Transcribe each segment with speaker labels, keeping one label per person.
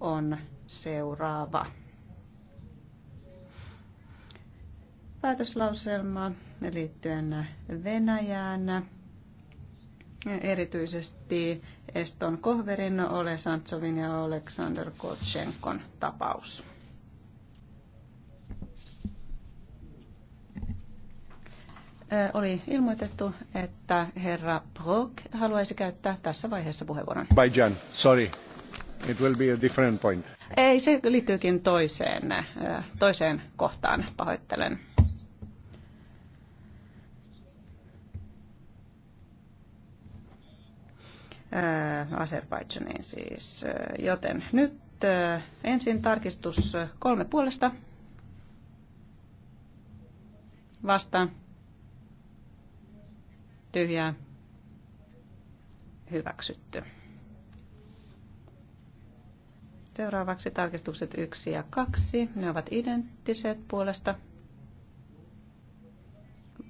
Speaker 1: on seuraava. Päätöslauselma liittyen Venäjään erityisesti Eston Kohverin, Ole Santsovin ja Oleksandr Kotschenkon tapaus. Oli ilmoitettu, että herra Brock haluaisi käyttää tässä vaiheessa puheenvuoron.
Speaker 2: Bye, John. sorry. It will be a different point.
Speaker 1: Ei, se liittyykin toiseen, äh, toiseen kohtaan, pahoittelen. Äh, Azerbaidžaniin siis. Äh, joten nyt ensin tarkistus kolme puolesta. Vastaan. Tyhjää. Hyväksytty. Seuraavaksi tarkistukset 1 ja 2. Ne ovat identtiset puolesta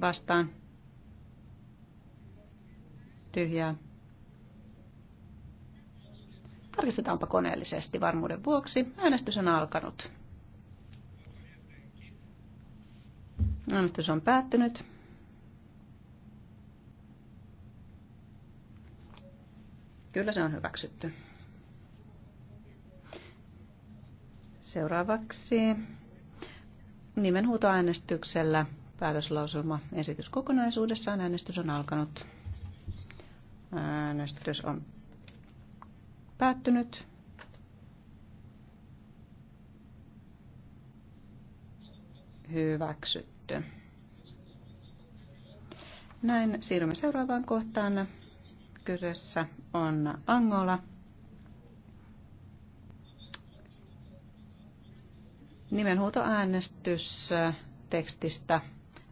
Speaker 1: vastaan. Tyhjää. Tarkistetaanpa koneellisesti varmuuden vuoksi. Äänestys on alkanut. Äänestys on päättynyt. Kyllä se on hyväksytty. Seuraavaksi nimenhuutoäänestyksellä päätöslausuma esitys kokonaisuudessaan. Äänestys on alkanut. Äänestys on päättynyt. Hyväksytty. Näin siirrymme seuraavaan kohtaan. Kyseessä on Angola. Nimenhuutoäänestys äh, tekstistä.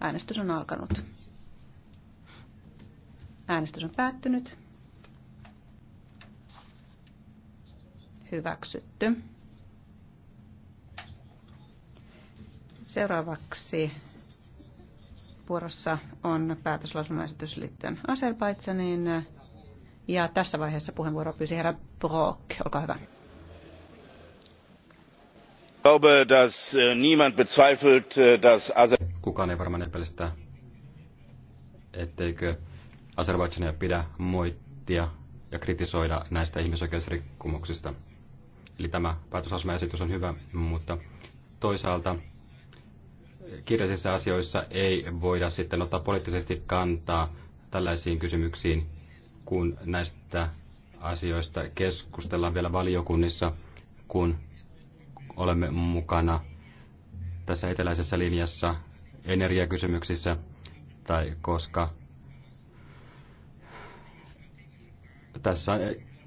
Speaker 1: Äänestys on alkanut. Äänestys on päättynyt. Hyväksytty. Seuraavaksi vuorossa on päätöslausumaesitys liittyen Aserbaidsaniin. Ja tässä vaiheessa puheenvuoro pyysi herra Brock. Olkaa hyvä.
Speaker 2: Äh, äh,
Speaker 3: Kukaan ei varmaan epäilistä, etteikö Azerbaidžania pidä moittia ja kritisoida näistä ihmisoikeusrikkomuksista. Eli tämä päätösasemaesitys on hyvä, mutta toisaalta kirjallisissa asioissa ei voida sitten ottaa poliittisesti kantaa tällaisiin kysymyksiin, kun näistä asioista keskustellaan vielä valiokunnissa, kun olemme mukana tässä eteläisessä linjassa energiakysymyksissä tai koska tässä on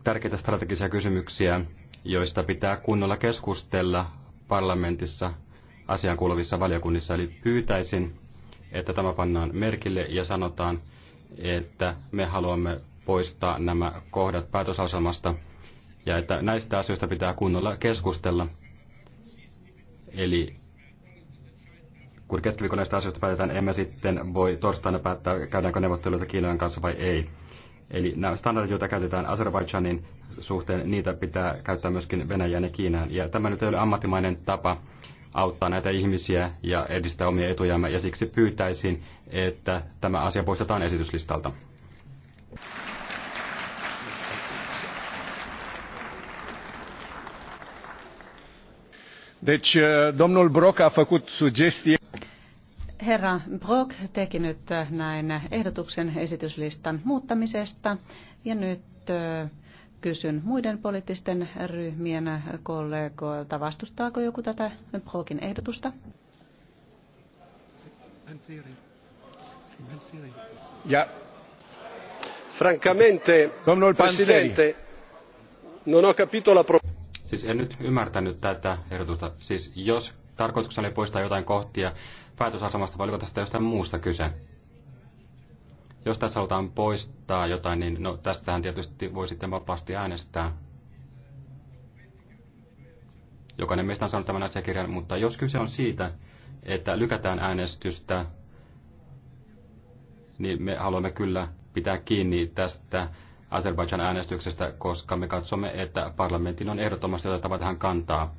Speaker 3: tärkeitä strategisia kysymyksiä, joista pitää kunnolla keskustella parlamentissa asian kuuluvissa valiokunnissa. Eli pyytäisin, että tämä pannaan merkille ja sanotaan, että me haluamme poistaa nämä kohdat päätösasemasta ja että näistä asioista pitää kunnolla keskustella. Eli kun keskiviikon näistä asioista päätetään, emme sitten voi torstaina päättää, käydäänkö neuvotteluita Kiinan kanssa vai ei. Eli nämä standardit, joita käytetään Azerbaidžanin suhteen, niitä pitää käyttää myöskin Venäjään ja Kiinaan. Ja tämä nyt ei ole ammattimainen tapa auttaa näitä ihmisiä ja edistää omia etujamme, ja siksi pyytäisin, että tämä asia poistetaan esityslistalta.
Speaker 2: Deci, uh, domnul Brok a făcut sugestie.
Speaker 1: Herra Brock teki nyt uh, näin ehdotuksen esityslistan muuttamisesta ja nyt uh, kysyn muiden poliittisten ryhmien kollegoilta, vastustaako joku tätä Brockin ehdotusta?
Speaker 2: Ja. Francamente, Domnul Presidente, non ho capito la pro- Siis en
Speaker 3: nyt ymmärtänyt tätä ehdotusta. Siis jos tarkoituksena oli poistaa jotain kohtia päätösasemasta, vai oliko tästä jostain muusta kyse? Jos tässä halutaan poistaa jotain, niin no, tästähän tietysti voi sitten vapaasti äänestää. Jokainen meistä on saanut tämän asiakirjan, mutta jos kyse on siitä, että lykätään äänestystä, niin me haluamme kyllä pitää kiinni tästä Azerbaidžan äänestyksestä, koska me katsomme, että parlamentin on ehdottomasti otettava tähän kantaa.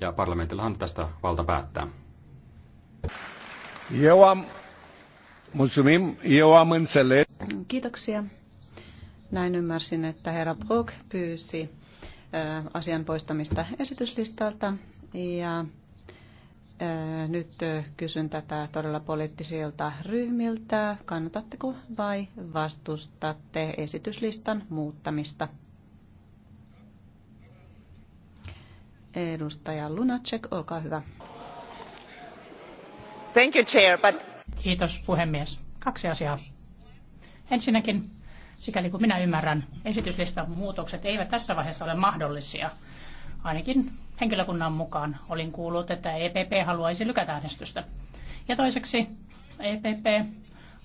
Speaker 3: Ja parlamentillahan tästä valta päättää.
Speaker 2: Eu am... Mulțumim, eu am
Speaker 1: Kiitoksia. Näin ymmärsin, että herra Brock pyysi asian poistamista esityslistalta ja nyt kysyn tätä todella poliittisilta ryhmiltä. Kannatatteko vai vastustatte esityslistan muuttamista? Edustaja Lunacek, olkaa hyvä.
Speaker 4: Thank you, chair, but... Kiitos puhemies. Kaksi asiaa. Ensinnäkin, sikäli kun minä ymmärrän, esityslistan muutokset eivät tässä vaiheessa ole mahdollisia – ainakin henkilökunnan mukaan olin kuullut, että EPP haluaisi lykätä äänestystä. Ja toiseksi EPP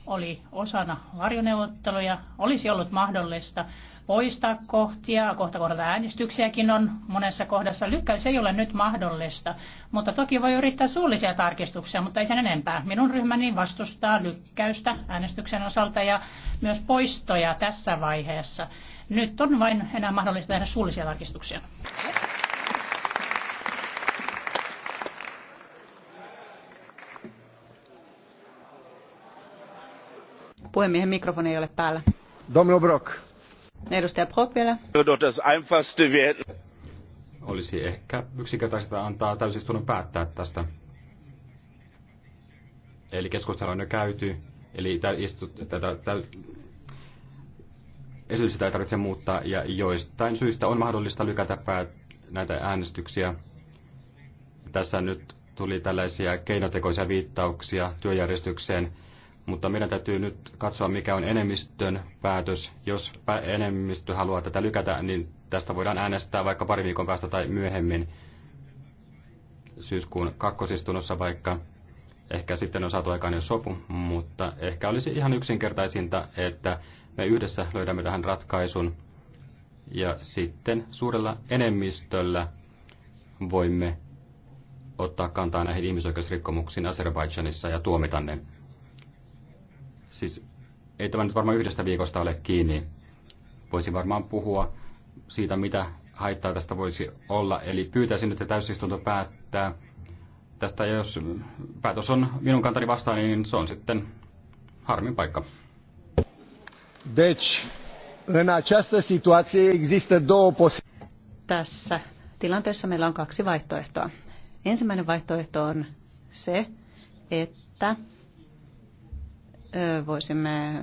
Speaker 4: oli osana varjoneuvotteluja, olisi ollut mahdollista poistaa kohtia, kohta kohdalta äänestyksiäkin on monessa kohdassa. Lykkäys ei ole nyt mahdollista, mutta toki voi yrittää suullisia tarkistuksia, mutta ei sen enempää. Minun ryhmäni vastustaa lykkäystä äänestyksen osalta ja myös poistoja tässä vaiheessa. Nyt on vain enää mahdollista tehdä suullisia tarkistuksia.
Speaker 1: Puhemiehen mikrofoni ei ole päällä. Domino Brock. Edustaja Brock vielä.
Speaker 3: Olisi ehkä yksinkertaista antaa täysistunnon päättää tästä. Eli keskustelu on jo käyty, eli tätä esitystä ei tarvitse muuttaa, ja joistain syistä on mahdollista lykätä päät, näitä äänestyksiä. Tässä nyt tuli tällaisia keinotekoisia viittauksia työjärjestykseen, mutta meidän täytyy nyt katsoa, mikä on enemmistön päätös. Jos enemmistö haluaa tätä lykätä, niin tästä voidaan äänestää vaikka pari viikon päästä tai myöhemmin syyskuun kakkosistunnossa vaikka. Ehkä sitten on saatu aikaan jo sopu, mutta ehkä olisi ihan yksinkertaisinta, että me yhdessä löydämme tähän ratkaisun ja sitten suurella enemmistöllä voimme ottaa kantaa näihin ihmisoikeusrikkomuksiin Azerbaidžanissa ja tuomita ne. Siis ei tämä nyt varmaan yhdestä viikosta ole kiinni. Voisin varmaan puhua siitä, mitä haittaa tästä voisi olla. Eli pyytäisin nyt, että täysistunto päättää tästä. Ja jos päätös on minun kantani vastaan, niin se on sitten harmin paikka.
Speaker 2: Deci, în această situație există două Tässä
Speaker 1: tilanteessa meillä on kaksi vaihtoehtoa. Ensimmäinen vaihtoehto on se, että voisimme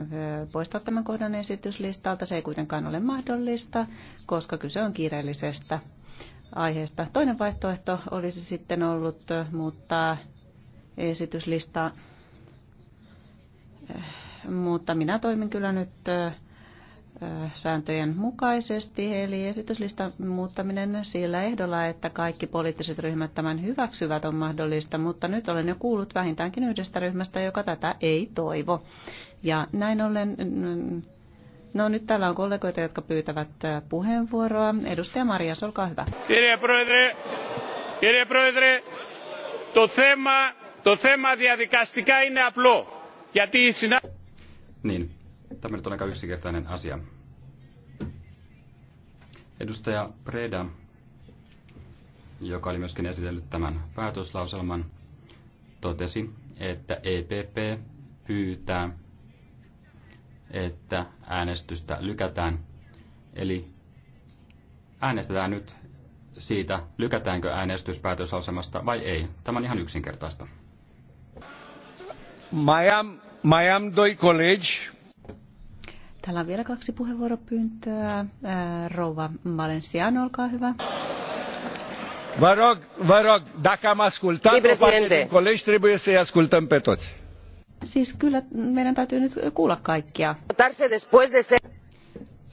Speaker 1: poistaa tämän kohdan esityslistalta. Se ei kuitenkaan ole mahdollista, koska kyse on kiireellisestä aiheesta. Toinen vaihtoehto olisi sitten ollut muuttaa esityslista, mutta minä toimin kyllä nyt sääntöjen mukaisesti, eli esityslistan muuttaminen sillä ehdolla, että kaikki poliittiset ryhmät tämän hyväksyvät on mahdollista, mutta nyt olen jo kuullut vähintäänkin yhdestä ryhmästä, joka tätä ei toivo. Ja näin ollen, mm, no nyt täällä on kollegoita, jotka pyytävät puheenvuoroa. Edustaja Marias, olkaa hyvä.
Speaker 2: Kirja Proedre, kirja Proedre, to thema, to thema diadikastika είναι απλό. Γιατί η συνάδελφη
Speaker 3: Tämä nyt on aika yksinkertainen asia. Edustaja Preda, joka oli myöskin esitellyt tämän päätöslauselman, totesi, että EPP pyytää, että äänestystä lykätään. Eli äänestetään nyt siitä, lykätäänkö äänestys päätöslauselmasta vai ei. Tämä on ihan yksinkertaista.
Speaker 2: Mayam, Mayam Doi College Täällä on vielä kaksi
Speaker 1: puheenvuoropyyntöä. Rouva Valenciano, olkaa hyvä.
Speaker 2: Vă rog, vă rog, dacă am ascultat si, colegi, trebuie să-i ascultăm pe toți.
Speaker 1: Siis kyllä meidän täytyy nyt kuulla kaikkia.
Speaker 3: Sen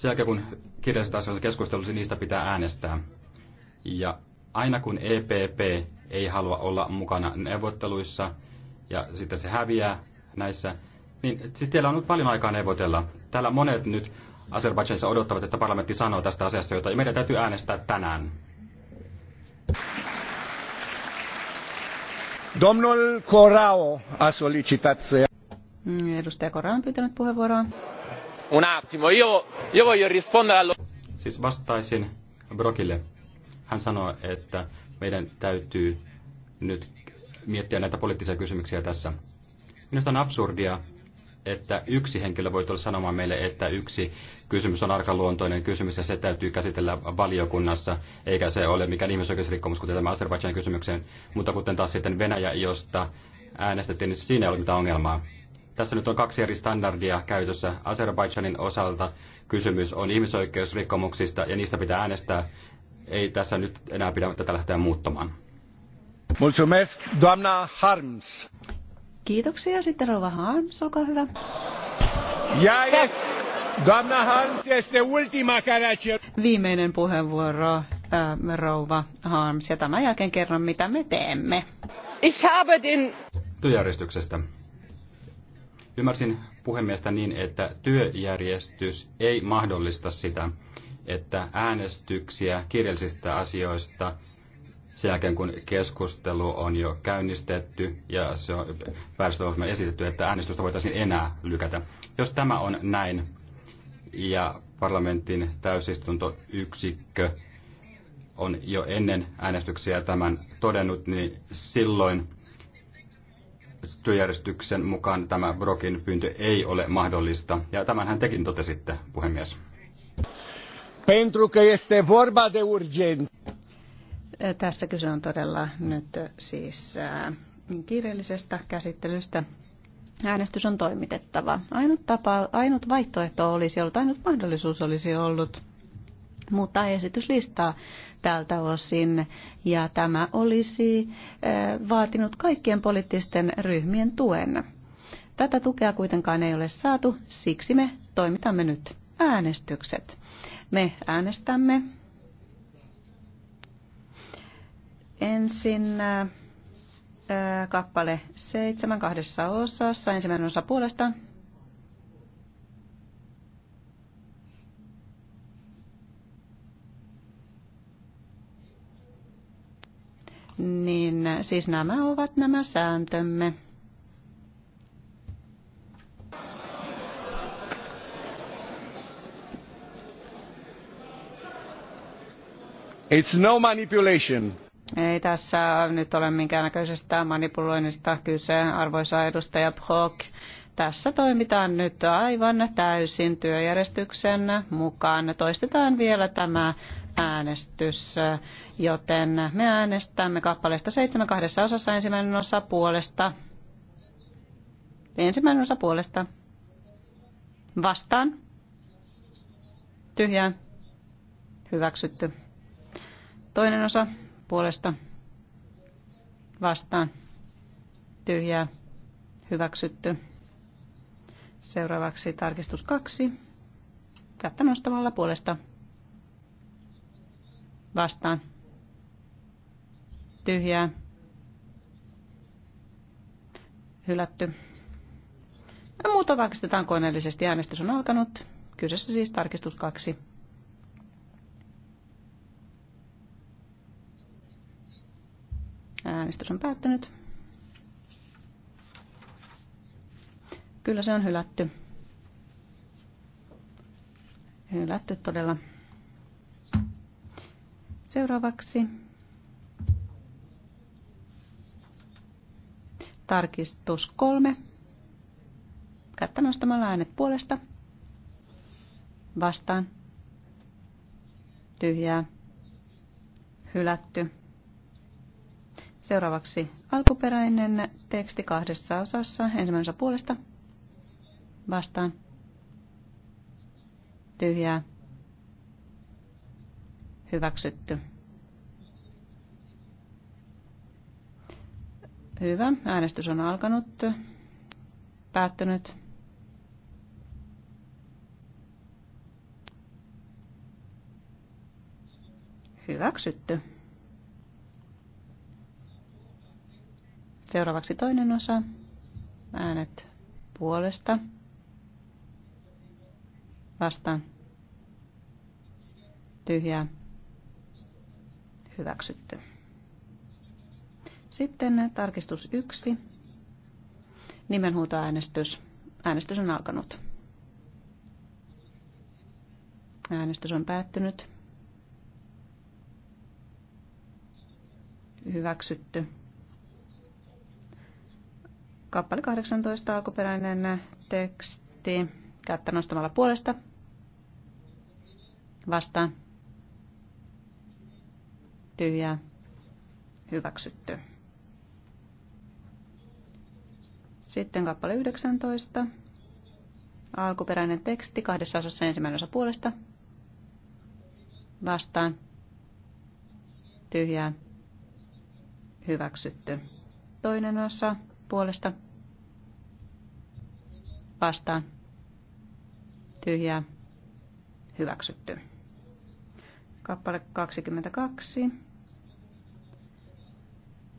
Speaker 3: jälkeen kun kirjallisesta asioista keskustelussa, niistä pitää äänestää. Ja aina kun EPP ei halua olla mukana neuvotteluissa ja sitten se häviää näissä, niin, siis teillä on ollut paljon aikaa neuvotella. Täällä monet nyt Azerbaidžanissa odottavat, että parlamentti sanoo tästä asiasta jota Meidän täytyy äänestää tänään.
Speaker 2: Domnul Corao a solicitat se... Mm, edustaja Corao on pyytänyt puheenvuoroa. Un attimo,
Speaker 3: io, io voglio rispondere allo... Siis vastaisin Brokille. Hän sanoi, että meidän täytyy nyt miettiä näitä poliittisia kysymyksiä tässä. Minusta on absurdia, että yksi henkilö voi tulla sanomaan meille, että yksi kysymys on arkaluontoinen kysymys ja se täytyy käsitellä valiokunnassa, eikä se ole mikään ihmisoikeusrikkomus, kuten tämä Azerbaidžanin kysymykseen, mutta kuten taas sitten Venäjä, josta äänestettiin, niin siinä ei ole mitään ongelmaa. Tässä nyt on kaksi eri standardia käytössä. Azerbaidžanin osalta kysymys on ihmisoikeusrikkomuksista ja niistä pitää äänestää. Ei tässä nyt enää pidä
Speaker 2: tätä lähteä muuttamaan. Mulțumesc, doamna Harms.
Speaker 1: Kiitoksia. Sitten Rova Hans, olkaa hyvä.
Speaker 2: Ja, ja. Doamna
Speaker 1: ultima Viimeinen puheenvuoro, äh, rouva Harms, ja tämän jälkeen kerron, mitä me teemme. Ich habe den...
Speaker 3: Työjärjestyksestä. Ymmärsin puhemiestä niin, että työjärjestys ei mahdollista sitä, että äänestyksiä kirjallisista asioista – sen jälkeen, kun keskustelu on jo käynnistetty ja se on päästöohjelma esitetty, että äänestystä voitaisiin enää lykätä. Jos tämä on näin ja parlamentin täysistuntoyksikkö on jo ennen äänestyksiä tämän todennut, niin silloin työjärjestyksen mukaan tämä Brokin pyyntö ei ole mahdollista. Ja hän tekin totesitte, puhemies.
Speaker 2: Pentru că este vorba de urgent.
Speaker 1: Tässä kyse on todella nyt siis äh, kiireellisestä käsittelystä. Äänestys on toimitettava. Ainut, tapa, ainut vaihtoehto olisi ollut, ainut mahdollisuus olisi ollut muuttaa esityslistaa tältä osin. Ja tämä olisi äh, vaatinut kaikkien poliittisten ryhmien tuen. Tätä tukea kuitenkaan ei ole saatu, siksi me toimitamme nyt äänestykset. Me äänestämme Ensin äh, äh, kappale seitsemän kahdessa osassa. Ensimmäinen osa puolesta. Niin siis nämä ovat nämä sääntömme.
Speaker 2: It's no manipulation.
Speaker 1: Ei tässä nyt ole minkäännäköisestä manipuloinnista kyse, arvoisa edustaja Brock. Tässä toimitaan nyt aivan täysin työjärjestyksen mukaan. Toistetaan vielä tämä äänestys, joten me äänestämme kappaleesta seitsemän kahdessa osassa ensimmäinen osa puolesta. Ensimmäinen osa puolesta. Vastaan. Tyhjään. Hyväksytty. Toinen osa puolesta vastaan tyhjää hyväksytty. Seuraavaksi tarkistus kaksi. Kättä nostamalla puolesta vastaan tyhjää hylätty. Ja muuta tarkistetaan koneellisesti. Äänestys on alkanut. Kyseessä siis tarkistus kaksi. Äänestys on päättynyt. Kyllä se on hylätty. Hylätty todella. Seuraavaksi tarkistus kolme. Kättä nostamalla äänet puolesta. Vastaan. Tyhjää. Hylätty. Seuraavaksi alkuperäinen teksti kahdessa osassa. ensimmäisessä puolesta. Vastaan. Tyhjää. Hyväksytty. Hyvä. Äänestys on alkanut. Päättynyt. Hyväksytty. Seuraavaksi toinen osa. Äänet puolesta. Vastaan. Tyhjä. Hyväksytty. Sitten tarkistus 1. Nimenhuutoäänestys. Äänestys on alkanut. Äänestys on päättynyt. Hyväksytty. Kappale 18, alkuperäinen teksti. Kättä nostamalla puolesta. Vastaan. Tyhjää. Hyväksytty. Sitten kappale 19. Alkuperäinen teksti kahdessa osassa ensimmäinen osa puolesta. Vastaan. Tyhjää. Hyväksytty. Toinen osa puolesta vastaan tyhjää hyväksytty. Kappale 22.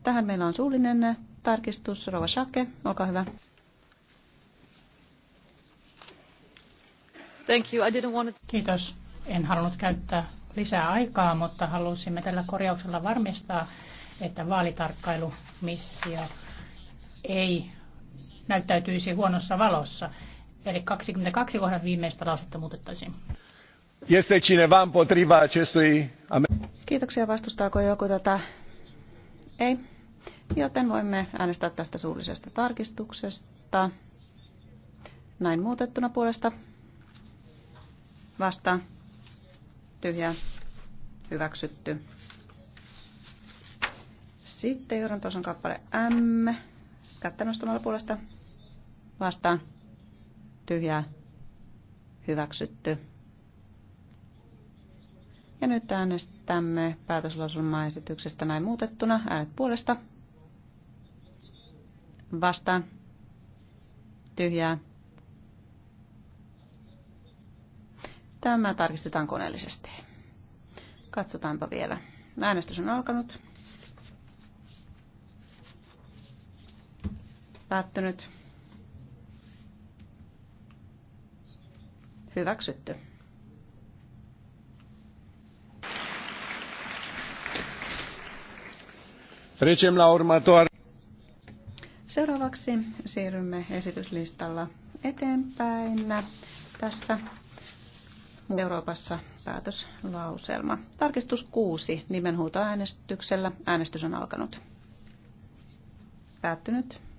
Speaker 1: Tähän meillä on suullinen tarkistus. Rova Shake, olkaa hyvä.
Speaker 4: Thank you. I didn't want to... Kiitos. En halunnut käyttää lisää aikaa, mutta halusimme tällä korjauksella varmistaa, että vaalitarkkailumissio ei näyttäytyisi huonossa valossa. Eli 22 kohdat viimeistä lausetta muutettaisiin.
Speaker 2: Este cineva împotriva acestui... Kiitoksia. Vastustaako joku tätä?
Speaker 1: Ei. Joten voimme äänestää tästä suullisesta tarkistuksesta. Näin muutettuna puolesta. vasta Tyhjää. Hyväksytty. Sitten johdantoson kappale M Kättä nostamalla puolesta vastaan. Tyhjää. Hyväksytty. Ja nyt äänestämme esityksestä näin muutettuna. Äänet puolesta. Vastaan. Tyhjää. Tämä tarkistetaan koneellisesti. Katsotaanpa vielä. Äänestys on alkanut. Päättynyt. Hyväksytty. Seuraavaksi siirrymme esityslistalla eteenpäin. Tässä Euroopassa päätöslauselma. Tarkistus 6 äänestyksellä. Äänestys on alkanut. Päättynyt.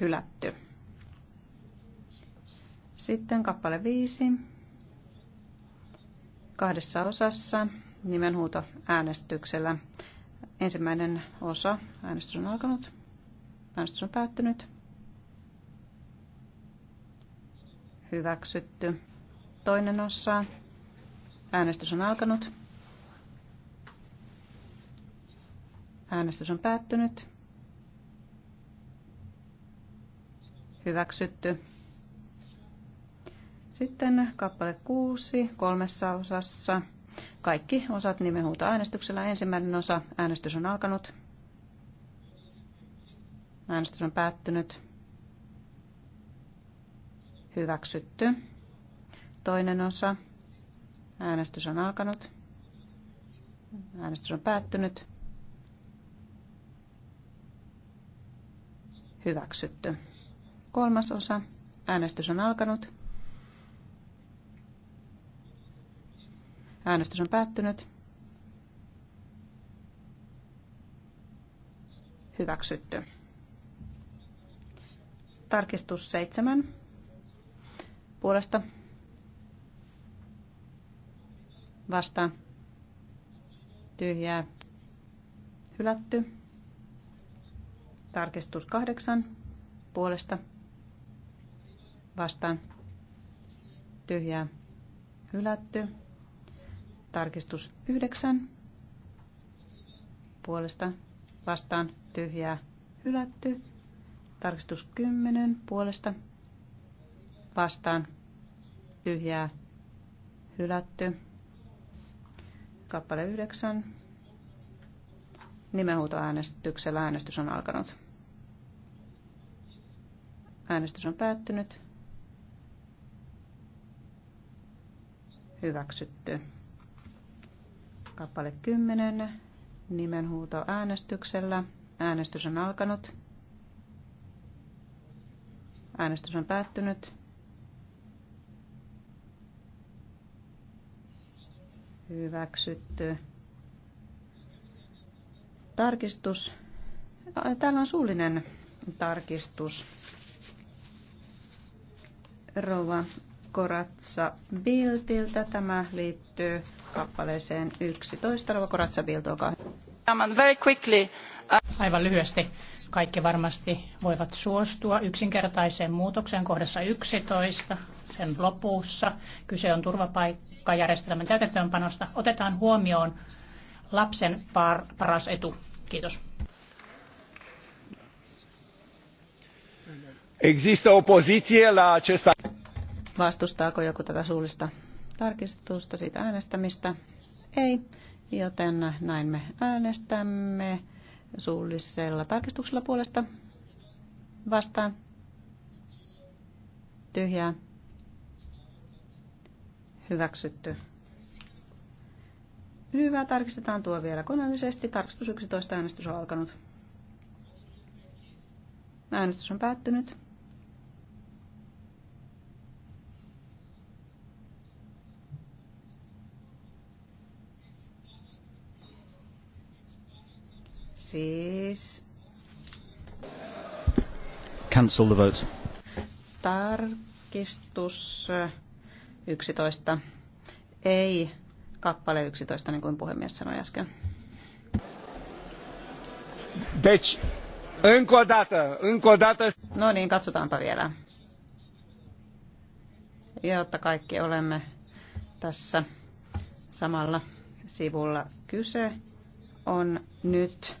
Speaker 1: hylätty. Sitten kappale 5. Kahdessa osassa nimenhuuto äänestyksellä. Ensimmäinen osa, äänestys on alkanut, äänestys on päättynyt. Hyväksytty. Toinen osa, äänestys on alkanut, äänestys on päättynyt. hyväksytty. Sitten kappale 6 kolmessa osassa. Kaikki osat nimenhuuta äänestyksellä. Ensimmäinen osa. Äänestys on alkanut. Äänestys on päättynyt. Hyväksytty. Toinen osa. Äänestys on alkanut. Äänestys on päättynyt. Hyväksytty. Kolmas osa. Äänestys on alkanut. Äänestys on päättynyt. Hyväksytty. Tarkistus seitsemän Puolesta. vasta Tyhjää. Hylätty. Tarkistus kahdeksan Puolesta vastaan tyhjää hylätty. Tarkistus 9 puolesta vastaan tyhjää hylätty. Tarkistus 10 puolesta vastaan tyhjää hylätty. Kappale 9. Nimenhuutoäänestyksellä äänestys on alkanut. Äänestys on päättynyt. hyväksytty. Kappale 10. Nimenhuuto äänestyksellä. Äänestys on alkanut. Äänestys on päättynyt. Hyväksytty. Tarkistus. Täällä on suullinen tarkistus. Rouva Ravakoratsa Biltiltä. Tämä liittyy kappaleeseen 11. Ravakoratsa Bilt, olkaa hyvä.
Speaker 4: Uh, Aivan lyhyesti. Kaikki varmasti voivat suostua yksinkertaiseen muutokseen kohdassa 11 sen lopussa. Kyse on turvapaikkajärjestelmän täytäntöönpanosta. Otetaan huomioon lapsen par- paras etu. Kiitos.
Speaker 2: Există opoziție la acest
Speaker 4: Vastustaako
Speaker 1: joku tätä suullista tarkistusta siitä äänestämistä? Ei, joten näin me äänestämme suullisella tarkistuksella puolesta vastaan. Tyhjää. Hyväksytty. Hyvä, tarkistetaan tuo vielä koneellisesti. Tarkistus 11, äänestys on alkanut. Äänestys on päättynyt. Siis...
Speaker 3: Cancel the vote.
Speaker 1: Tarkistus 11. Ei kappale 11, niin kuin puhemies sanoi äsken.
Speaker 2: Deci, încă o dată,
Speaker 1: încă o dată... No niin, katsotaanpa vielä. Jotta kaikki olemme tässä samalla sivulla kyse on nyt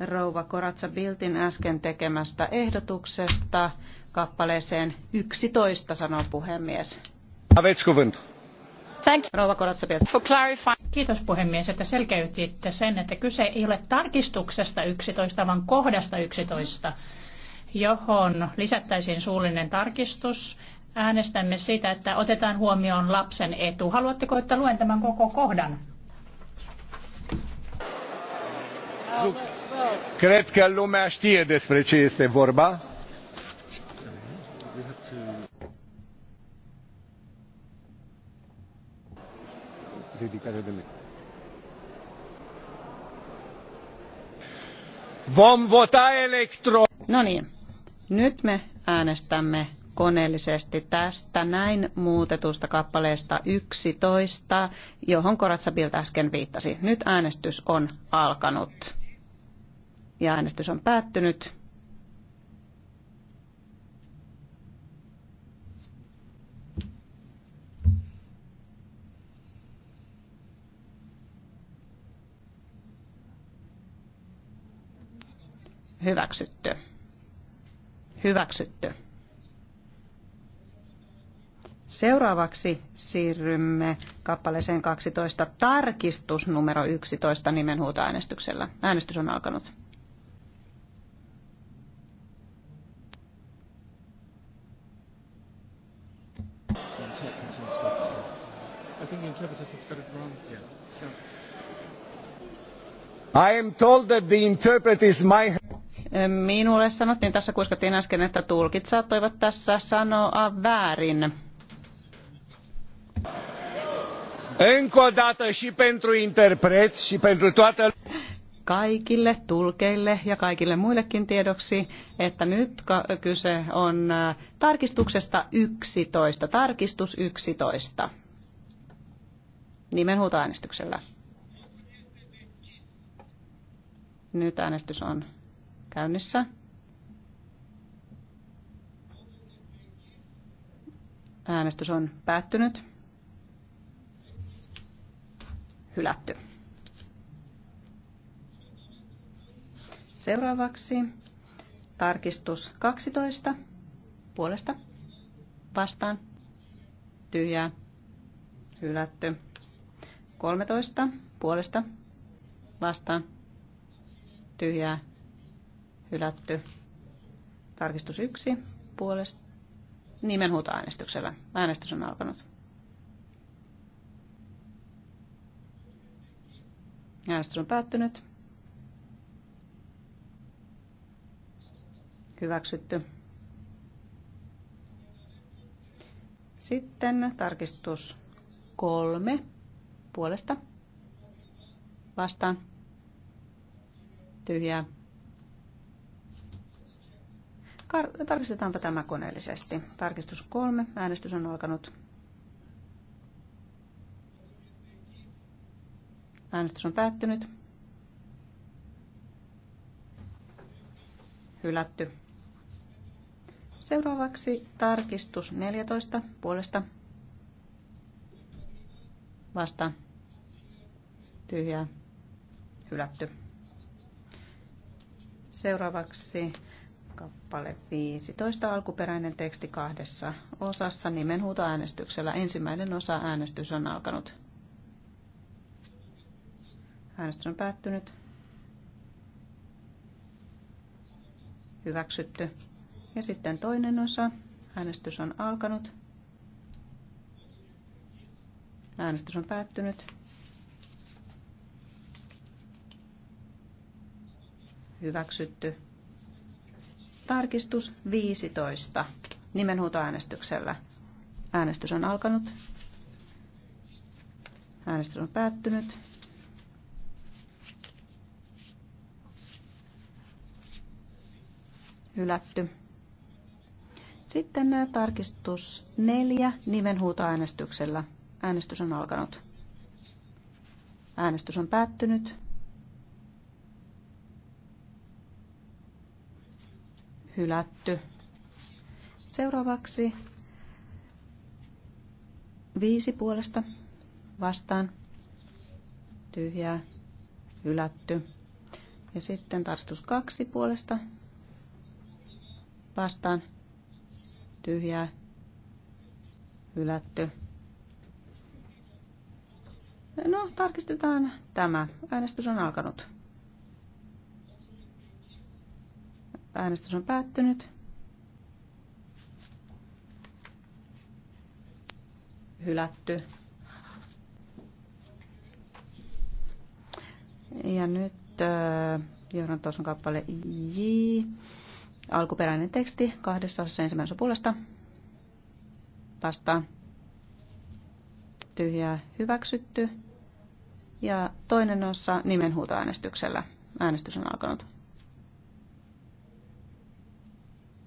Speaker 1: rouva Koratsa Biltin äsken tekemästä ehdotuksesta kappaleeseen 11, sanoo
Speaker 4: puhemies. Thank you. Rouva Koratsa Bilt. Kiitos puhemies, että selkeytitte sen, että kyse ei ole tarkistuksesta 11, vaan kohdasta 11, johon lisättäisiin suullinen tarkistus. Äänestämme siitä, että otetaan huomioon lapsen etu. Haluatteko, että luen tämän koko kohdan?
Speaker 2: Look. Cred că lumea știe despre ce este vorba. Vom vota
Speaker 1: elektro... No niin, nyt me äänestämme koneellisesti tästä näin muutetusta kappaleesta 11, johon Koratsabilt äsken viittasi. Nyt äänestys on alkanut ja äänestys on päättynyt. Hyväksytty. Hyväksytty. Seuraavaksi siirrymme kappaleeseen 12 tarkistus numero 11 nimenhuutoäänestyksellä. Äänestys on alkanut.
Speaker 2: and stuff. So. I think the interpreters have got it wrong. Yeah. yeah. I am told that the interpreters might.
Speaker 1: Minulle sanottiin, tässä kuiskattiin äsken, että tulkit saattoivat tässä sanoa väärin.
Speaker 2: Încă o dată și pentru interpreți și pentru toată
Speaker 1: kaikille tulkeille ja kaikille muillekin tiedoksi, että nyt kyse on äh, tarkistuksesta 11, tarkistus 11 äänestyksellä. Nyt äänestys on käynnissä. Äänestys on päättynyt. Hylätty. Seuraavaksi tarkistus 12 puolesta vastaan tyhjää hylätty. 13 puolesta vastaan tyhjää hylätty. Tarkistus 1 puolesta äänestyksellä. Äänestys on alkanut. Äänestys on päättynyt. Hyväksytty. Sitten tarkistus kolme puolesta. Vastaan. Tyhjää. Kar- tarkistetaanpa tämä koneellisesti. Tarkistus kolme. Äänestys on alkanut. Äänestys on päättynyt. Hylätty. Seuraavaksi tarkistus 14 puolesta. Vasta. Tyhjää. Hylätty. Seuraavaksi kappale 15 alkuperäinen teksti kahdessa osassa nimenhuutoäänestyksellä. Ensimmäinen osa äänestys on alkanut. Äänestys on päättynyt. Hyväksytty. Ja sitten toinen osa. Äänestys on alkanut. Äänestys on päättynyt. Hyväksytty. Tarkistus 15. Nimenhuutoäänestyksellä. Äänestys on alkanut. Äänestys on päättynyt. Hylätty. Sitten äh, tarkistus neljä nimenhuutoäänestyksellä. Äänestys on alkanut. Äänestys on päättynyt. Hylätty. Seuraavaksi viisi puolesta vastaan. Tyhjää. Hylätty. Ja sitten tarkistus kaksi puolesta vastaan tyhjää, hylätty. No, tarkistetaan tämä. Äänestys on alkanut. Äänestys on päättynyt. Hylätty. Ja nyt äh, tuossa kappale J. Alkuperäinen teksti kahdessa osassa ensimmäisen puolesta vastaa tyhjää hyväksytty. Ja toinen osa nimenhuutoäänestyksellä. Äänestys on alkanut.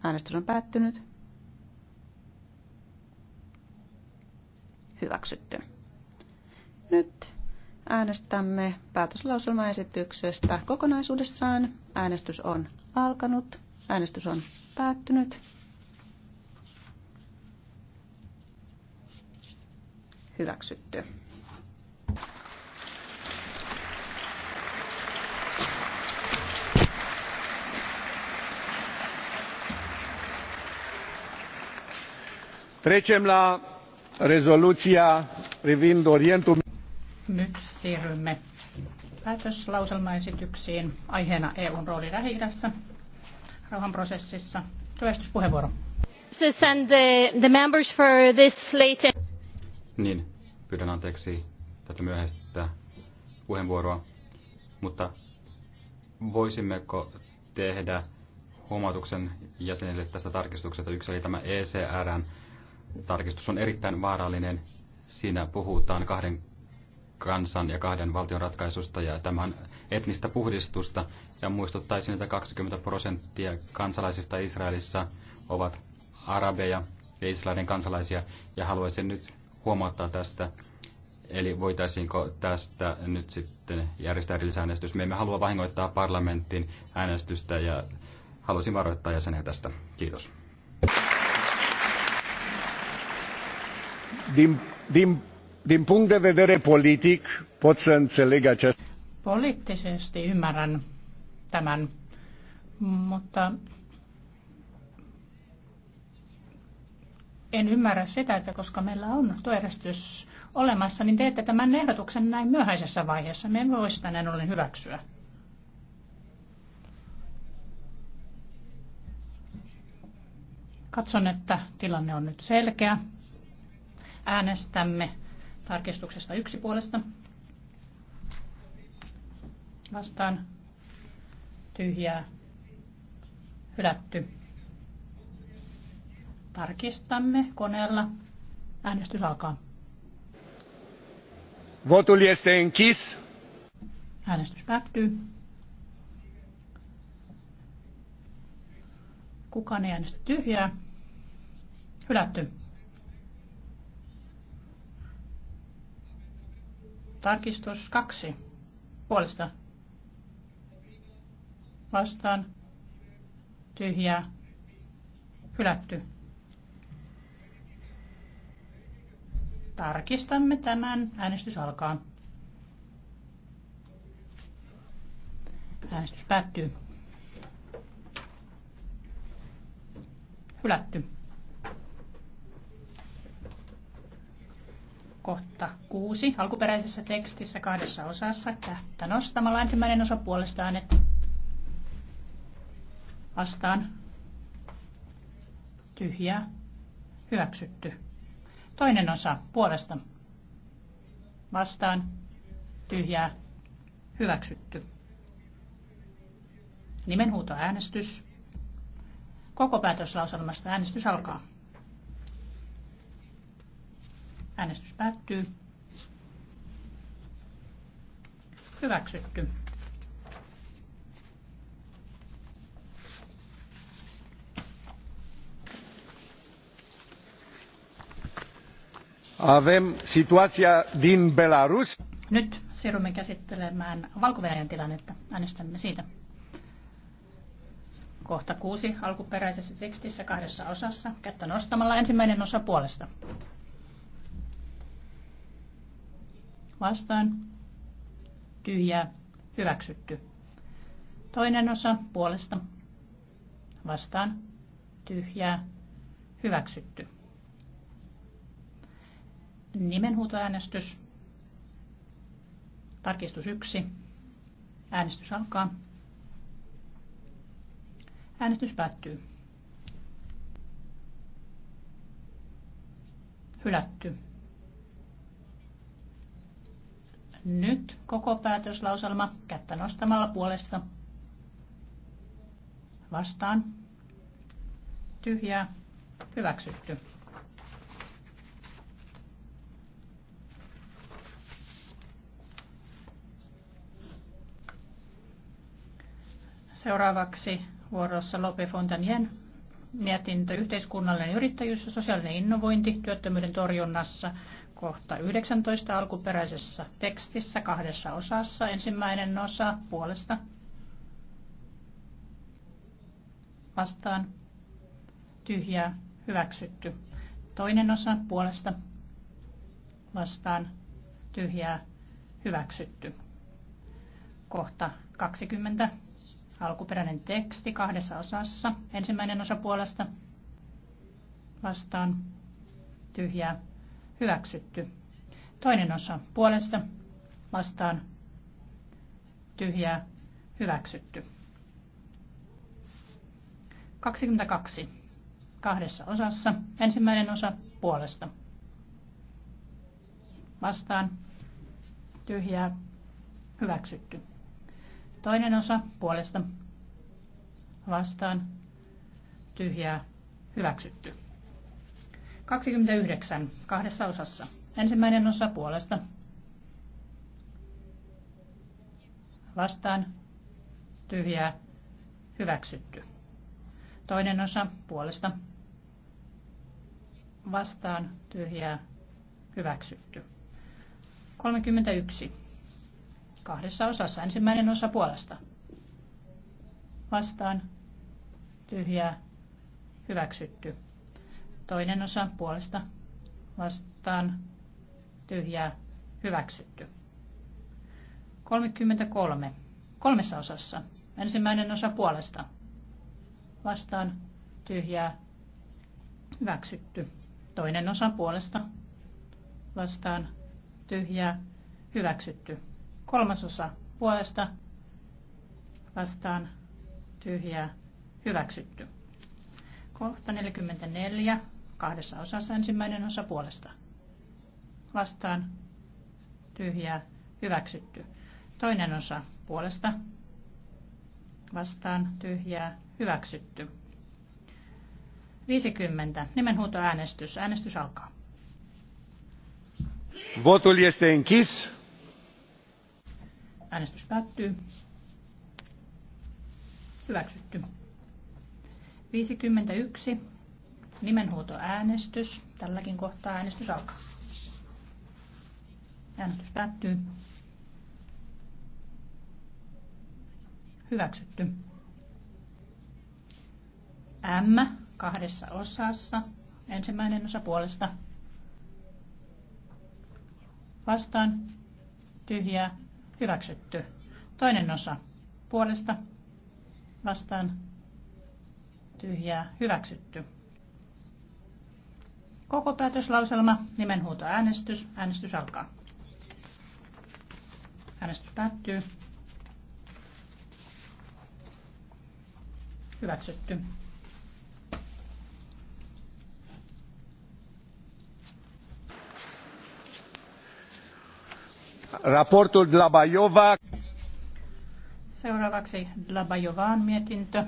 Speaker 1: Äänestys on päättynyt. Hyväksytty. Nyt äänestämme päätöslauselmaesityksestä kokonaisuudessaan. Äänestys on alkanut. Äänestys on päättynyt. Hyväksytty.
Speaker 2: trecem la rezoluția privind Orientul.
Speaker 4: Nyt siirrymme päätöslauselmaesityksiin aiheena EUn rooli lähi -idässä rauhanprosessissa. Työstyspuheenvuoro. And the, the members for this late...
Speaker 3: Niin, pyydän anteeksi tätä myöhäistä puheenvuoroa, mutta voisimmeko tehdä huomautuksen jäsenille tästä tarkistuksesta. Yksi eli tämä ECRn tarkistus on erittäin vaarallinen. Siinä puhutaan kahden kansan ja kahden valtion ratkaisusta ja tämä on etnistä puhdistusta ja muistuttaisin, että 20 prosenttia kansalaisista Israelissa ovat arabeja ja Israelin kansalaisia ja haluaisin nyt huomauttaa tästä. Eli voitaisiinko tästä nyt sitten järjestää erillisäänestys? Me emme halua vahingoittaa parlamentin äänestystä ja haluaisin varoittaa jäseniä tästä. Kiitos.
Speaker 2: Din, din, din punct de vedere politic pot să înțeleg acest...
Speaker 4: Poliittisesti ymmärrän tämän, mutta en ymmärrä sitä, että koska meillä on tuojärjestys olemassa, niin teette tämän ehdotuksen näin myöhäisessä vaiheessa. Me emme voi sitä näin ollen hyväksyä. Katson, että tilanne on nyt selkeä. Äänestämme tarkistuksesta yksi puolesta vastaan tyhjää hylätty. Tarkistamme koneella. Äänestys alkaa.
Speaker 2: Votul este închis.
Speaker 4: Äänestys päättyy. Kukaan ei äänestä tyhjää. Hylätty. Tarkistus kaksi. Puolesta vastaan tyhjää hylätty. Tarkistamme tämän. Äänestys alkaa. Äänestys päättyy. Hylätty. Kohta kuusi. Alkuperäisessä tekstissä kahdessa osassa Tähtä nostamalla ensimmäinen osa puolestaan, että vastaan tyhjä hyväksytty. Toinen osa puolesta vastaan tyhjää hyväksytty. Nimenhuuto äänestys. Koko päätöslauselmasta äänestys alkaa. Äänestys päättyy. Hyväksytty.
Speaker 2: Avem situația din Belarus.
Speaker 4: Nyt siirrymme käsittelemään valko tilannetta. Äänestämme siitä. Kohta kuusi alkuperäisessä tekstissä kahdessa osassa. Kättä nostamalla ensimmäinen osa puolesta. Vastaan. Tyhjää. Hyväksytty. Toinen osa puolesta. Vastaan. Tyhjää. Hyväksytty. Nimenhuutoäänestys. Tarkistus 1. Äänestys alkaa. Äänestys päättyy. Hylätty. Nyt koko päätöslauselma kättä nostamalla puolesta. Vastaan. Tyhjää. Hyväksytty. Seuraavaksi vuorossa Lope Fontanien mietintö yhteiskunnallinen yrittäjyys ja sosiaalinen innovointi työttömyyden torjunnassa kohta 19 alkuperäisessä tekstissä kahdessa osassa. Ensimmäinen osa puolesta vastaan tyhjää hyväksytty. Toinen osa puolesta vastaan tyhjää hyväksytty. Kohta 20 Alkuperäinen teksti kahdessa osassa. Ensimmäinen osa puolesta vastaan tyhjää hyväksytty. Toinen osa puolesta vastaan tyhjää hyväksytty. 22. Kahdessa osassa. Ensimmäinen osa puolesta. Vastaan tyhjää hyväksytty. Toinen osa puolesta vastaan tyhjää hyväksytty. 29. Kahdessa osassa. Ensimmäinen osa puolesta. Vastaan tyhjää hyväksytty. Toinen osa puolesta. Vastaan tyhjää hyväksytty. 31 kahdessa osassa. Ensimmäinen osa puolesta. Vastaan. Tyhjää. Hyväksytty. Toinen osa puolesta. Vastaan. Tyhjää. Hyväksytty. 33. Kolmessa osassa. Ensimmäinen osa puolesta. Vastaan. Tyhjää. Hyväksytty. Toinen osa puolesta. Vastaan. Tyhjää. Hyväksytty. Kolmasosa puolesta vastaan tyhjää hyväksytty. Kohta 44 kahdessa osassa ensimmäinen osa puolesta. Vastaan tyhjää hyväksytty. Toinen osa puolesta vastaan tyhjää
Speaker 2: hyväksytty.
Speaker 4: 50. Nimenhuutoäänestys. Äänestys alkaa.
Speaker 2: Votul este închis.
Speaker 4: Äänestys päättyy. Hyväksytty. 51. Nimenhuutoäänestys. Tälläkin kohtaa äänestys alkaa. Äänestys päättyy. Hyväksytty. M kahdessa osassa. Ensimmäinen osa puolesta. Vastaan. Tyhjää. Hyväksytty. Toinen osa. Puolesta. Vastaan. Tyhjää. Hyväksytty. Koko päätöslauselma. Nimenhuuto äänestys. Äänestys alkaa. Äänestys päättyy. Hyväksytty.
Speaker 2: Raportul Dlabajova.
Speaker 4: Seuraavaksi Dlabajovan mietintö.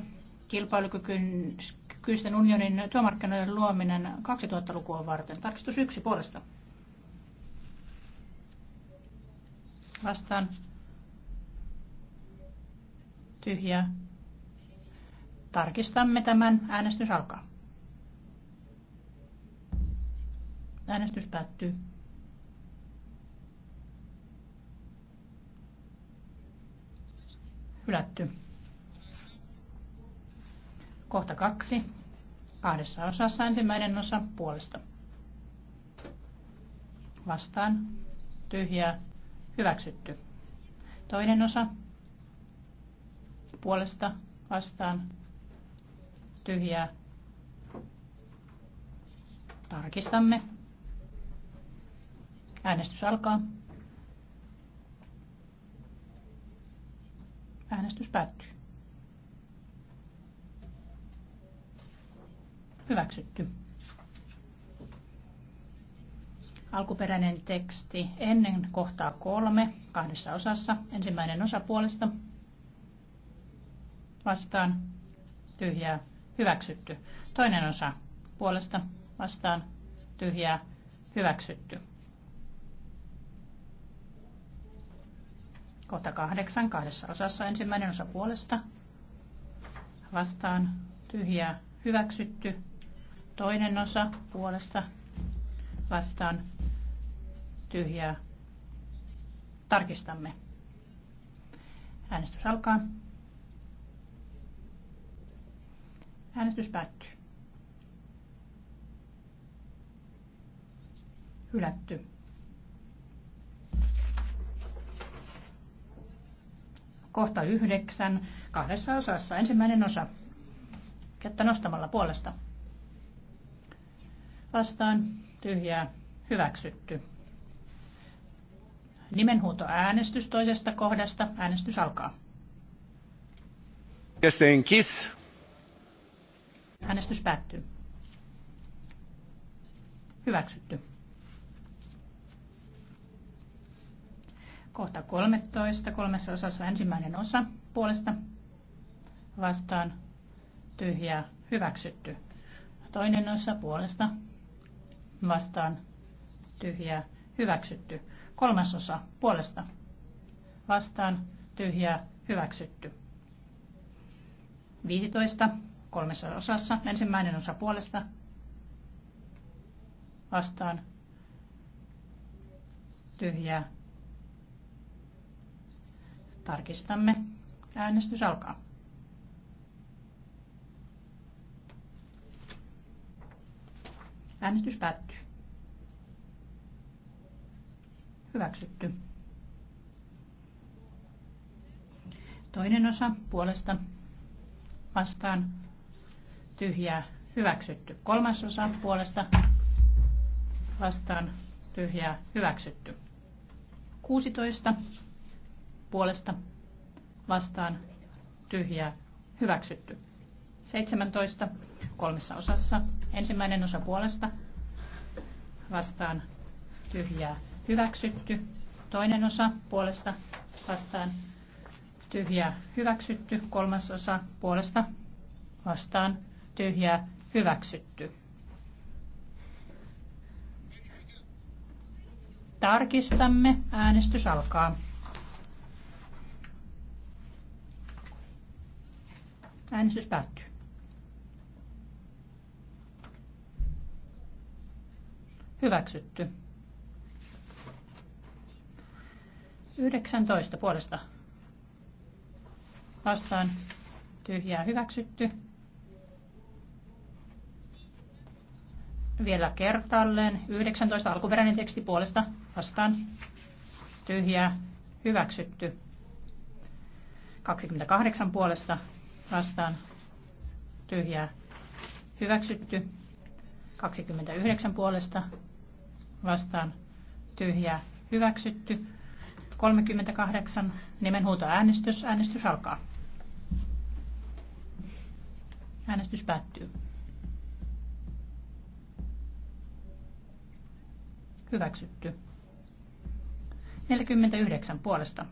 Speaker 4: Kilpailukykyisten unionin työmarkkinoiden luominen 2000-lukua varten. Tarkistus yksi puolesta. Vastaan. Tyhjä. Tarkistamme tämän. Äänestys alkaa. Äänestys päättyy. Hylätty. Kohta kaksi. Kahdessa osassa ensimmäinen osa puolesta. Vastaan. Tyhjää. Hyväksytty. Toinen osa. Puolesta. Vastaan. Tyhjää. Tarkistamme. Äänestys alkaa. Äänestys päättyy. Hyväksytty. Alkuperäinen teksti ennen kohtaa kolme kahdessa osassa. Ensimmäinen osa puolesta. Vastaan. Tyhjää. Hyväksytty. Toinen osa puolesta. Vastaan. Tyhjää. Hyväksytty. Kohta kahdeksan kahdessa osassa ensimmäinen osa puolesta. Vastaan tyhjää hyväksytty. Toinen osa puolesta vastaan tyhjää. Tarkistamme. Äänestys alkaa. Äänestys päättyy. Hylätty. kohta yhdeksän kahdessa osassa. Ensimmäinen osa kättä nostamalla puolesta. Vastaan tyhjää hyväksytty. Nimenhuuto äänestys toisesta kohdasta. Äänestys alkaa. Kiss. Äänestys päättyy. Hyväksytty. Kohta 13, kolmessa osassa ensimmäinen osa puolesta vastaan tyhjää hyväksytty. Toinen osa puolesta vastaan tyhjää hyväksytty. Kolmas osa puolesta vastaan tyhjää hyväksytty. 15 kolmessa osassa. Ensimmäinen osa puolesta vastaan tyhjää Tarkistamme. Äänestys alkaa. Äänestys päättyy. Hyväksytty. Toinen osa puolesta vastaan tyhjää hyväksytty. Kolmas osa puolesta vastaan tyhjää hyväksytty. 16 puolesta vastaan tyhjää hyväksytty. 17 kolmessa osassa. Ensimmäinen osa puolesta vastaan tyhjää hyväksytty. Toinen osa puolesta vastaan tyhjää hyväksytty. Kolmas osa puolesta vastaan tyhjää hyväksytty. Tarkistamme. Äänestys alkaa. Äänestys päättyy. Hyväksytty. 19 puolesta. Vastaan tyhjää hyväksytty. Vielä kertaalleen. 19 alkuperäinen teksti puolesta. Vastaan tyhjää hyväksytty. 28 puolesta vastaan tyhjää hyväksytty. 29 puolesta vastaan tyhjää hyväksytty. 38 nimenhuutoäänestys. Äänestys alkaa. Äänestys päättyy. Hyväksytty. 49 puolesta.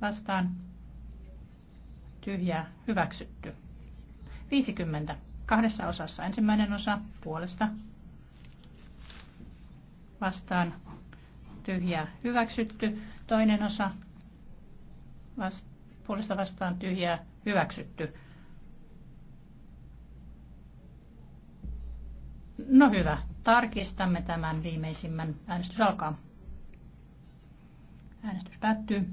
Speaker 4: Vastaan tyhjää, hyväksytty. 50. Kahdessa osassa. Ensimmäinen osa puolesta vastaan tyhjää, hyväksytty. Toinen osa vast, puolesta vastaan tyhjää, hyväksytty. No hyvä, tarkistamme tämän viimeisimmän. Äänestys alkaa. Äänestys päättyy.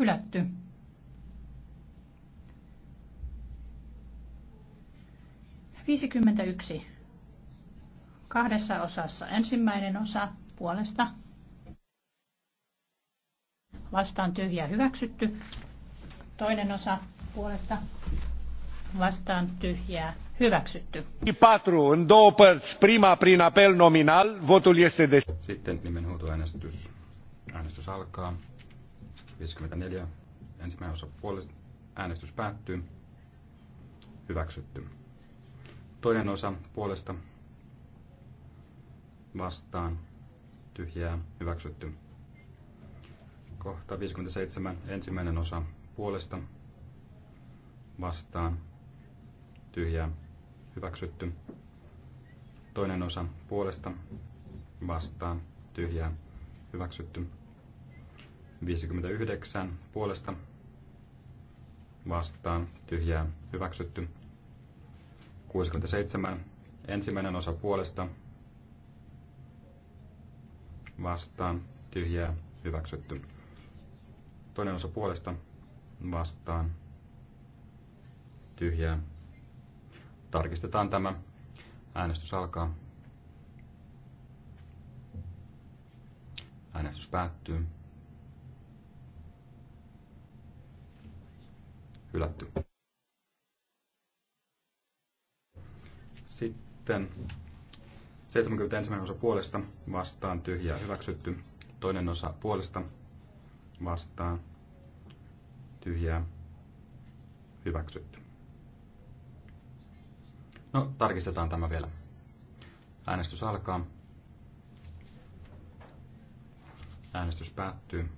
Speaker 4: Hylätty. Viisikymmentäyksi. Kahdessa osassa. Ensimmäinen osa puolesta. Vastaan tyhjä hyväksytty. Toinen osa puolesta vastaan tyhjää hyväksytty.
Speaker 2: Patru, în două părți, prima prin apel nominal, votul este de... Sitten nimenhuutoäänestys. Äänestys
Speaker 3: alkaa. 54. Ensimmäinen osa puolesta. Äänestys päättyy. Hyväksytty. Toinen osa puolesta. Vastaan. Tyhjää. Hyväksytty. Kohta 57. Ensimmäinen osa puolesta. Vastaan. Tyhjää. Hyväksytty. Toinen osa puolesta. Vastaan. Tyhjää. Hyväksytty 59 puolesta vastaan tyhjää hyväksytty. 67 ensimmäinen osa puolesta vastaan tyhjää hyväksytty. Toinen osa puolesta vastaan tyhjää. Tarkistetaan tämä. Äänestys alkaa. Äänestys päättyy. hylätty. Sitten 71. osa puolesta vastaan tyhjää hyväksytty. Toinen osa puolesta vastaan tyhjää hyväksytty. No, tarkistetaan tämä vielä. Äänestys alkaa. Äänestys päättyy.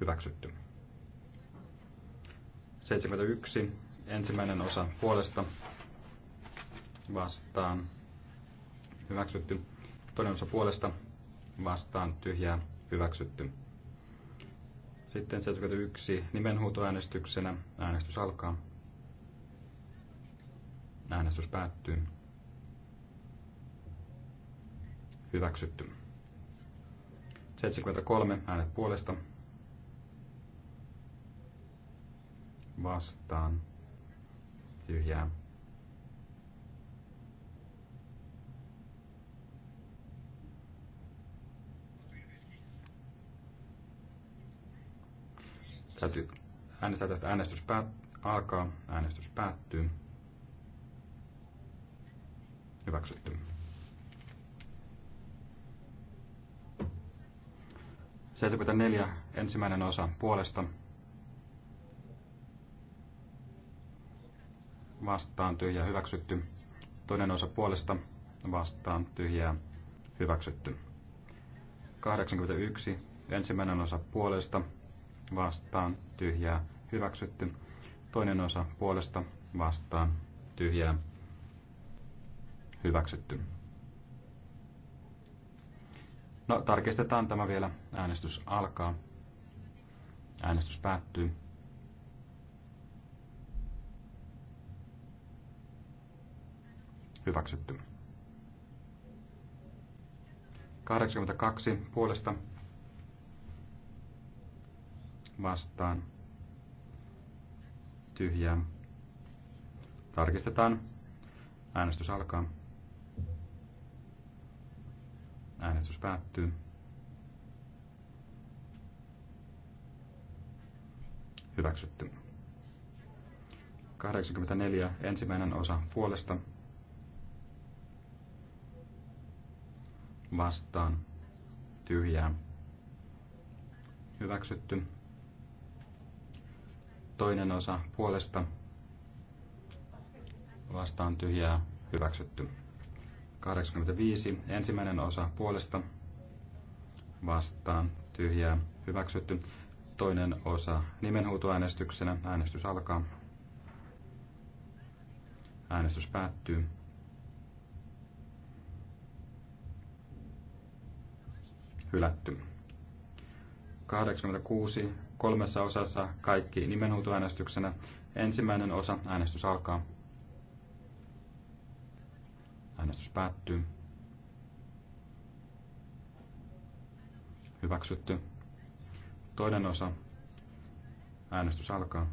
Speaker 3: hyväksytty. 71. Ensimmäinen osa puolesta vastaan hyväksytty. Toinen osa puolesta vastaan tyhjää hyväksytty. Sitten 71 nimenhuutoäänestyksenä. Äänestys alkaa. Äänestys päättyy. Hyväksytty. 73 äänet puolesta vastaan tyhjää. Täytyy äänestää tästä äänestys päät- alkaa, äänestys päättyy. Hyväksytty. 74. Ensimmäinen osa puolesta vastaan tyhjää hyväksytty. Toinen osa puolesta vastaan tyhjää hyväksytty. 81. Ensimmäinen osa puolesta vastaan tyhjää hyväksytty. Toinen osa puolesta vastaan tyhjää hyväksytty. No, tarkistetaan tämä vielä. Äänestys alkaa. Äänestys päättyy. Hyväksytty. 82 puolesta vastaan tyhjää. Tarkistetaan. Äänestys alkaa. Äänestys päättyy. Hyväksytty. 84 ensimmäinen osa puolesta vastaan tyhjää hyväksytty. Toinen osa puolesta vastaan tyhjää hyväksytty. 85. Ensimmäinen osa puolesta vastaan tyhjää hyväksytty. Toinen osa nimenhuutoäänestyksenä. Äänestys alkaa. Äänestys päättyy. hylätty. 86 kolmessa osassa kaikki nimenhuutoäänestyksenä. Ensimmäinen osa äänestys alkaa. Äänestys päättyy. Hyväksytty. Toinen osa. Äänestys alkaa.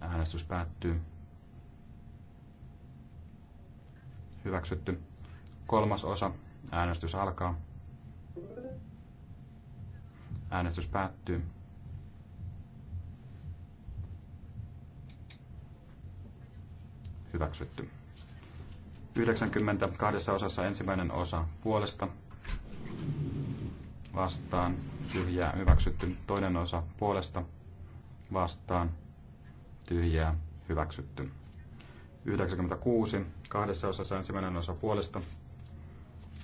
Speaker 3: Äänestys päättyy. Hyväksytty. Kolmas osa. Äänestys alkaa. Äänestys päättyy. Hyväksytty. 90 kahdessa osassa ensimmäinen osa puolesta vastaan tyhjää hyväksytty. Toinen osa puolesta vastaan tyhjää hyväksytty. 96 kahdessa osassa ensimmäinen osa puolesta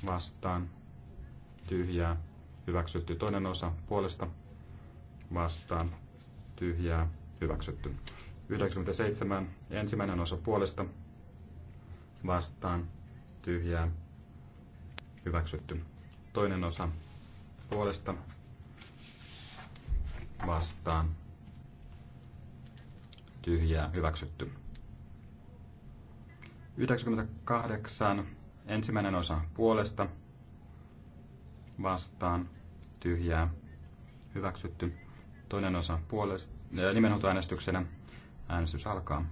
Speaker 3: vastaan, tyhjää, hyväksytty. Toinen osa puolesta vastaan, tyhjää, hyväksytty. 97. Ensimmäinen osa puolesta vastaan, tyhjää, hyväksytty. Toinen osa puolesta vastaan, tyhjää, hyväksytty. 98 Ensimmäinen osa puolesta vastaan tyhjää hyväksytty. Toinen osa puolesta äh, äänestyksenä Äänestys alkaa.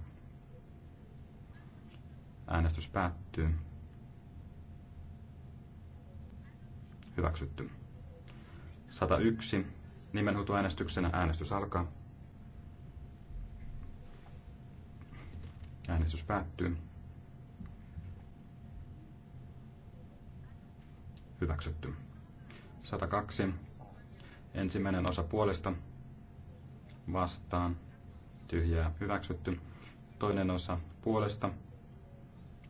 Speaker 3: Äänestys päättyy. Hyväksytty. 101. Nimenhuutoäänestyksenä äänestys alkaa. Äänestys päättyy. hyväksytty. 102. Ensimmäinen osa puolesta vastaan tyhjää hyväksytty. Toinen osa puolesta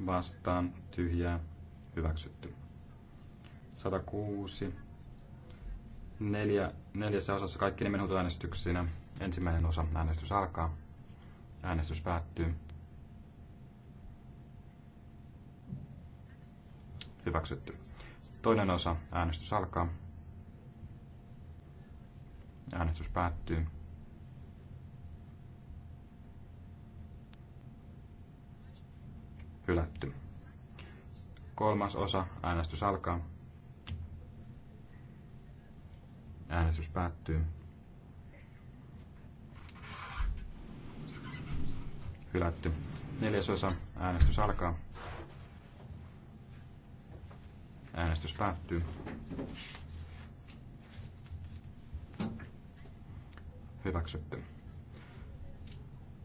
Speaker 3: vastaan tyhjää hyväksytty. 106. Neljä, neljässä osassa kaikki äänestyksinä. Ensimmäinen osa äänestys alkaa. Äänestys päättyy. Hyväksytty Toinen osa. Äänestys alkaa. Äänestys päättyy. Hylätty. Kolmas osa. Äänestys alkaa. Äänestys päättyy. Hylätty. osa. Äänestys alkaa. Äänestys päättyy. Hyväksytty.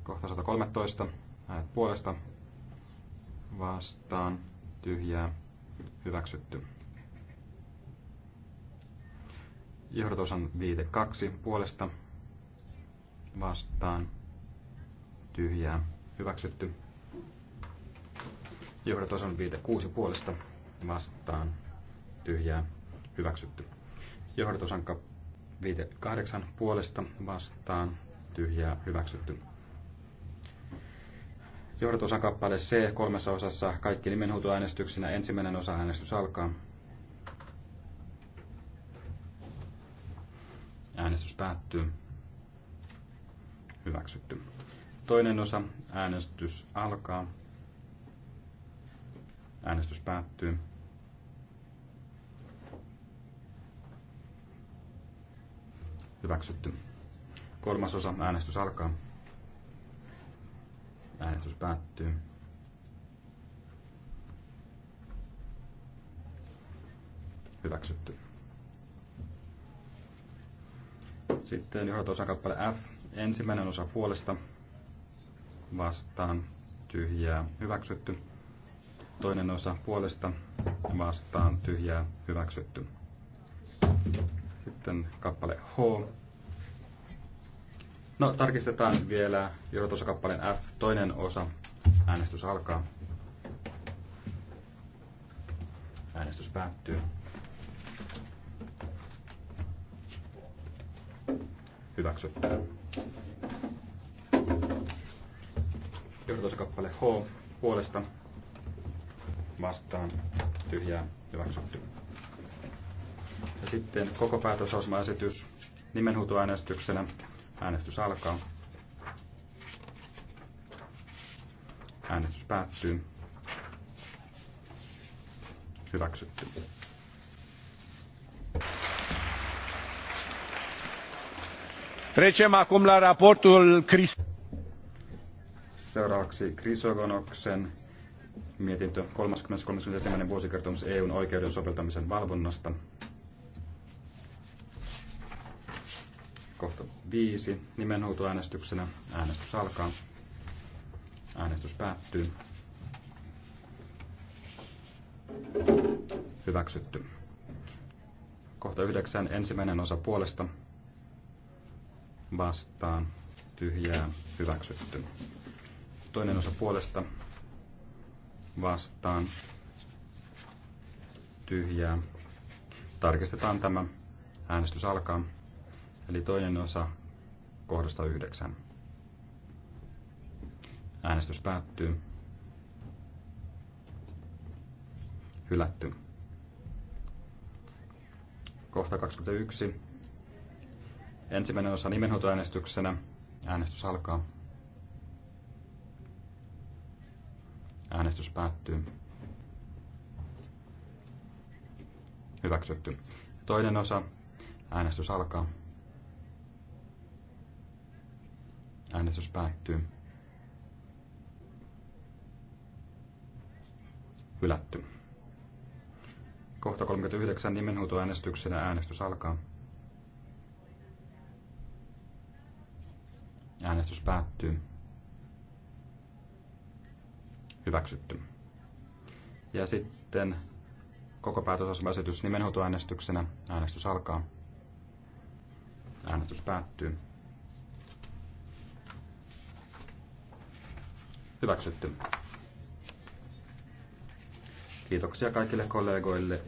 Speaker 3: Kohta 113. Äänet puolesta. Vastaan. Tyhjää. Hyväksytty. on viite 2 puolesta. Vastaan. Tyhjää. Hyväksytty. on viite 6 puolesta. Vastaan tyhjää hyväksytty. Johdatus viite puolesta vastaan tyhjää hyväksytty. Johdatus kappale C kolmessa osassa kaikki nimenhuutoäänestyksinä. Ensimmäinen osa äänestys alkaa. Äänestys päättyy. Hyväksytty. Toinen osa äänestys alkaa. Äänestys päättyy. Hyväksytty. Kolmas osa. Äänestys alkaa. Äänestys päättyy. Hyväksytty. Sitten johdatusosakappale kappale F. Ensimmäinen osa puolesta vastaan tyhjää hyväksytty. Toinen osa puolesta vastaan tyhjää hyväksytty. Sitten kappale H. No, tarkistetaan vielä kappaleen F, toinen osa. Äänestys alkaa. Äänestys päättyy. Hyväksytty. kappale H puolesta vastaan tyhjää hyväksytty. Ja sitten koko päätösosmaesitys nimenhuutoäänestyksenä. Äänestys alkaa. Äänestys päättyy.
Speaker 2: Hyväksytty. Trecem acum la raportul Chris...
Speaker 3: Seuraavaksi Krisogonoksen mietintö 30.31. vuosikertomus EUn oikeuden soveltamisen valvonnasta. Kohta viisi nimenhuutoäänestyksenä. Äänestys alkaa. Äänestys päättyy. Hyväksytty. Kohta yhdeksän ensimmäinen osa puolesta vastaan tyhjää hyväksytty. Toinen osa puolesta vastaan tyhjää. Tarkistetaan tämä. Äänestys alkaa eli toinen osa kohdasta yhdeksän. Äänestys päättyy. Hylätty. Kohta 21. Ensimmäinen osa nimenhoitoäänestyksenä. Äänestys alkaa. Äänestys päättyy. Hyväksytty. Toinen osa. Äänestys alkaa. Äänestys päättyy. Hylätty. Kohta 39 nimenhuutoäänestyksenä niin äänestys alkaa. Äänestys päättyy. Hyväksytty. Ja sitten koko päätösasemaesitys nimenhuutoäänestyksenä. Niin äänestys alkaa. Äänestys päättyy. Hyväksytty. Kiitoksia kaikille kollegoille.